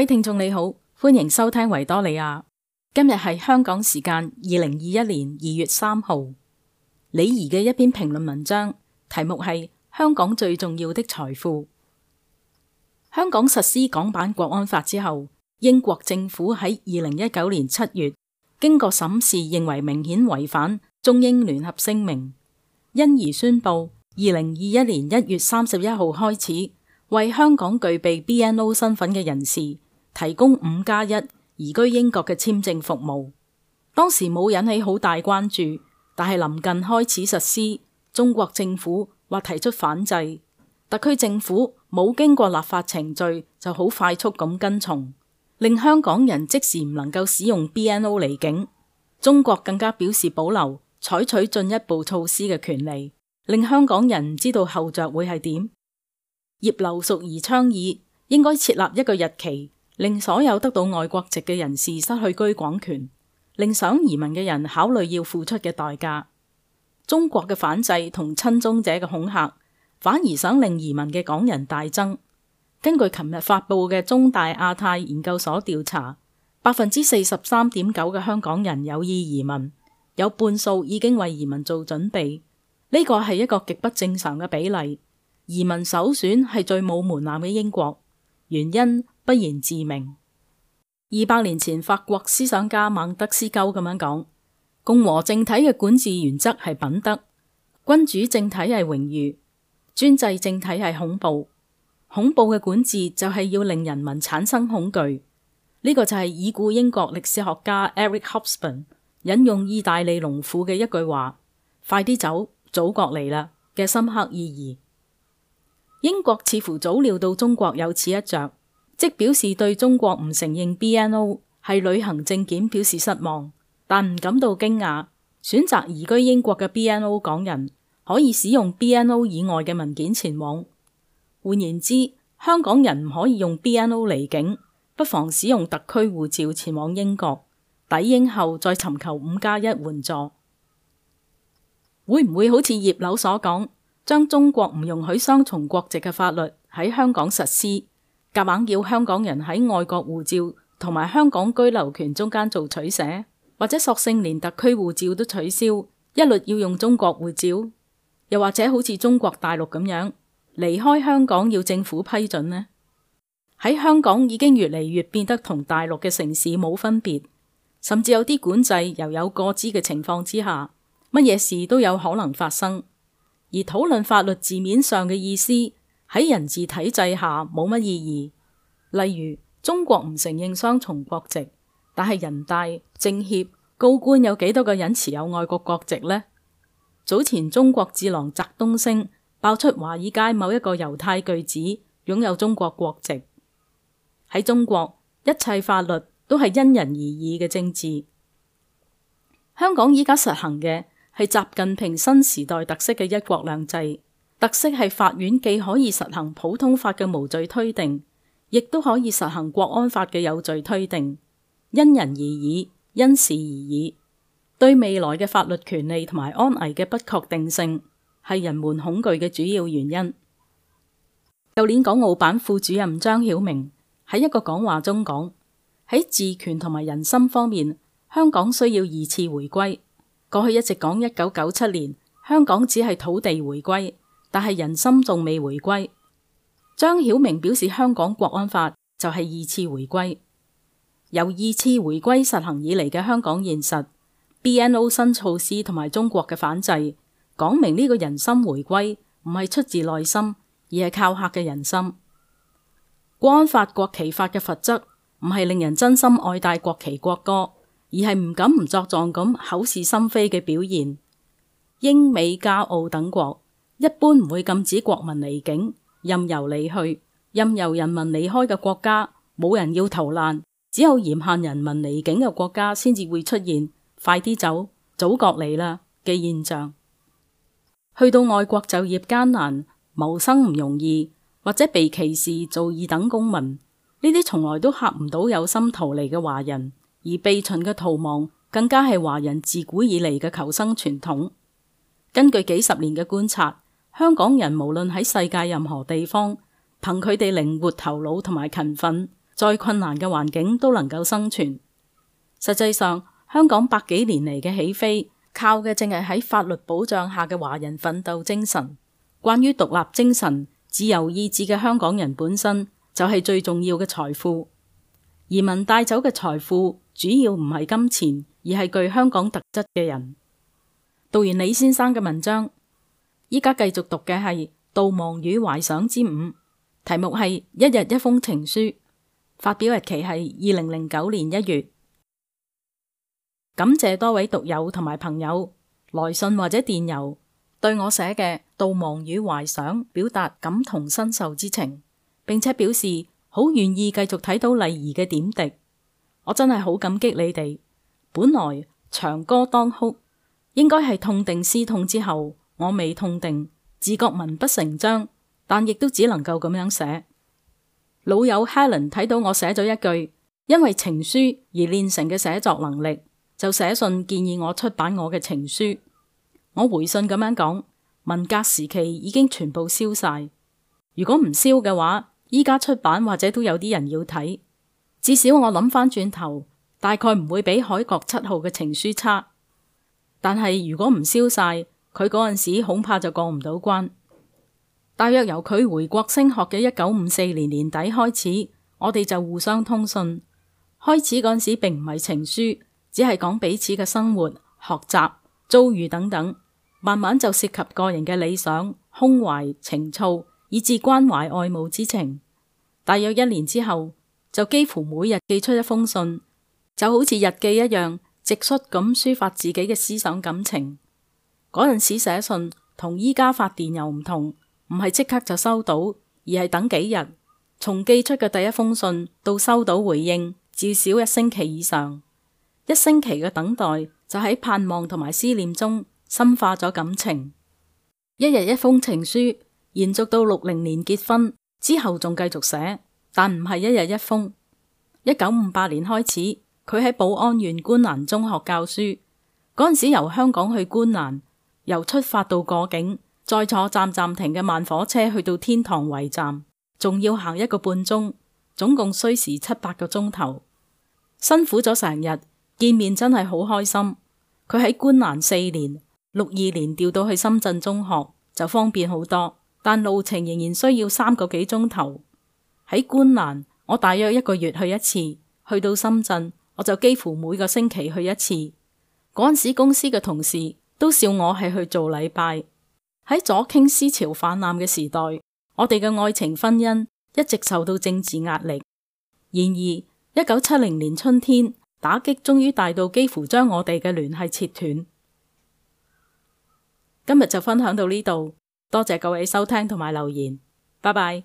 各位聽眾你好，歡迎收聽維多利亞。今日係香港時間二零二一年二月三號。李怡嘅一篇評論文章，題目係《香港最重要的財富》。香港實施港版國安法之後，英國政府喺二零一九年七月經過審視，認為明顯違反中英聯合聲明，因而宣布二零二一年一月三十一號開始，為香港具備 BNO 身份嘅人士。提供五加一移居英國嘅簽證服務，當時冇引起好大關注，但係臨近開始實施，中國政府或提出反制，特區政府冇經過立法程序就好快速咁跟從，令香港人即時唔能夠使用 BNO 離境。中國更加表示保留採取進一步措施嘅權利，令香港人唔知道後著會係點。葉劉淑儀倡議應該設立一個日期。令所有得到外國籍嘅人士失去居港權，令想移民嘅人考慮要付出嘅代價。中國嘅反制同親中者嘅恐嚇，反而想令移民嘅港人大增。根據琴日發布嘅中大亞太研究所調查，百分之四十三點九嘅香港人有意移民，有半數已經為移民做準備。呢個係一個極不正常嘅比例。移民首選係最冇門檻嘅英國，原因？不言自明。二百年前，法國思想家孟德斯鳩咁樣講：共和政體嘅管治原則係品德，君主政體係榮譽，專制政體係恐怖。恐怖嘅管治就係要令人民產生恐懼。呢、這個就係已故英國歷史學家 Eric Hobsbawm 引用意大利農婦嘅一句話：快啲走，祖國嚟啦嘅深刻意義。英國似乎早料到中國有此一着。即表示對中國唔承認 BNO 係旅行證件表示失望，但唔感到驚訝。選擇移居英國嘅 BNO 港人可以使用 BNO 以外嘅文件前往。換言之，香港人唔可以用 BNO 離境，不妨使用特區護照前往英國，抵英後再尋求五加一援助。會唔會好似葉劉所講，將中國唔容許雙重國籍嘅法律喺香港實施？夾硬要香港人喺外國護照同埋香港居留權中間做取捨，或者索性連特區護照都取消，一律要用中國護照，又或者好似中國大陸咁樣，離開香港要政府批准呢。喺香港已經越嚟越變得同大陸嘅城市冇分別，甚至有啲管制又有過之嘅情況之下，乜嘢事都有可能發生。而討論法律字面上嘅意思，喺人治體制下冇乜意義。例如，中國唔承認雙重國籍，但係人大、政協、高官有幾多個人持有外國國籍呢？早前中國智囊翟東升爆出華爾街某一個猶太巨子擁有中國國籍。喺中國，一切法律都係因人而異嘅政治。香港依家實行嘅係習近平新時代特色嘅一國兩制。特色係法院既可以實行普通法嘅無罪推定，亦都可以實行國安法嘅有罪推定，因人而異，因事而異。對未來嘅法律權利同埋安危嘅不確定性，係人們恐懼嘅主要原因。舊年港澳辦副主任張曉明喺一個講話中講：喺治權同埋人心方面，香港需要二次回歸。過去一直講一九九七年香港只係土地回歸。但係人心仲未回歸，張曉明表示，香港國安法就係二次回歸。由二次回歸實行以嚟嘅香港現實，BNO 新措施同埋中國嘅反制，講明呢個人心回歸唔係出自內心，而係靠客嘅人心。國安法、國旗法嘅罰則唔係令人真心愛戴國旗國歌，而係唔敢唔作狀咁口是心非嘅表現。英美加澳等國。一般唔會禁止國民離境，任由離去，任由人民離開嘅國家，冇人要逃難，只有嚴限人民離境嘅國家，先至會出現快啲走，祖國嚟啦，嘅現象。去到外國就業艱難，謀生唔容易，或者被歧視做二等公民，呢啲從來都吓唔到有心逃離嘅華人，而避秦嘅逃亡更加係華人自古以來嘅求生傳統。根據幾十年嘅觀察。香港人無論喺世界任何地方，憑佢哋靈活頭腦同埋勤奮，再困難嘅環境都能夠生存。實際上，香港百幾年嚟嘅起飛，靠嘅正係喺法律保障下嘅華人奮鬥精神。關於獨立精神、自由意志嘅香港人本身就係、是、最重要嘅財富。移民帶走嘅財富主要唔係金錢，而係具香港特質嘅人。讀完李先生嘅文章。依家繼續讀嘅係《悼亡與懷想》之五，題目係《一日一封情書》，發表日期係二零零九年一月。感謝多位讀友同埋朋友來信或者電郵，對我寫嘅《悼亡與懷想》表達感同身受之情，並且表示好願意繼續睇到麗儀嘅點滴。我真係好感激你哋。本來長歌當哭，應該係痛定思痛之後。我未痛定，自覺文不成章，但亦都只能夠咁樣寫。老友 Helen 睇到我寫咗一句，因為情書而練成嘅寫作能力，就寫信建議我出版我嘅情書。我回信咁樣講：文革時期已經全部燒晒，如果唔燒嘅話，依家出版或者都有啲人要睇。至少我諗翻轉頭，大概唔會比海角七號嘅情書差。但係如果唔燒晒，佢嗰陣時恐怕就過唔到關。大約由佢回國升學嘅一九五四年年底開始，我哋就互相通信。開始嗰陣時並唔係情書，只係講彼此嘅生活、學習、遭遇等等。慢慢就涉及個人嘅理想、胸懷、情操，以至關懷、愛慕之情。大約一年之後，就幾乎每日寄出一封信，就好似日記一樣，直率咁抒發自己嘅思想感情。嗰陣時寫信同依家發電郵唔同，唔係即刻就收到，而係等幾日。從寄出嘅第一封信到收到回應，至少一星期以上。一星期嘅等待就喺盼望同埋思念中深化咗感情。一日一封情書，延續到六零年結婚之後，仲繼續寫，但唔係一日一封。一九五八年開始，佢喺寶安縣觀瀾中學教書。嗰陣時由香港去觀瀾。由出發到過境，再坐站站停嘅慢火車去到天堂圍站，仲要行一個半鐘，總共需時七八個鐘頭，辛苦咗成日。見面真係好開心。佢喺觀瀾四年，六二年調到去深圳中學就方便好多，但路程仍然需要三個幾鐘頭。喺觀瀾，我大約一個月去一次；去到深圳，我就幾乎每個星期去一次。嗰陣時公司嘅同事。都笑我係去做禮拜。喺左傾思潮泛濫嘅時代，我哋嘅愛情婚姻一直受到政治壓力。然而，一九七零年春天，打擊終於大到幾乎將我哋嘅聯繫切斷。今日就分享到呢度，多謝各位收聽同埋留言，拜拜。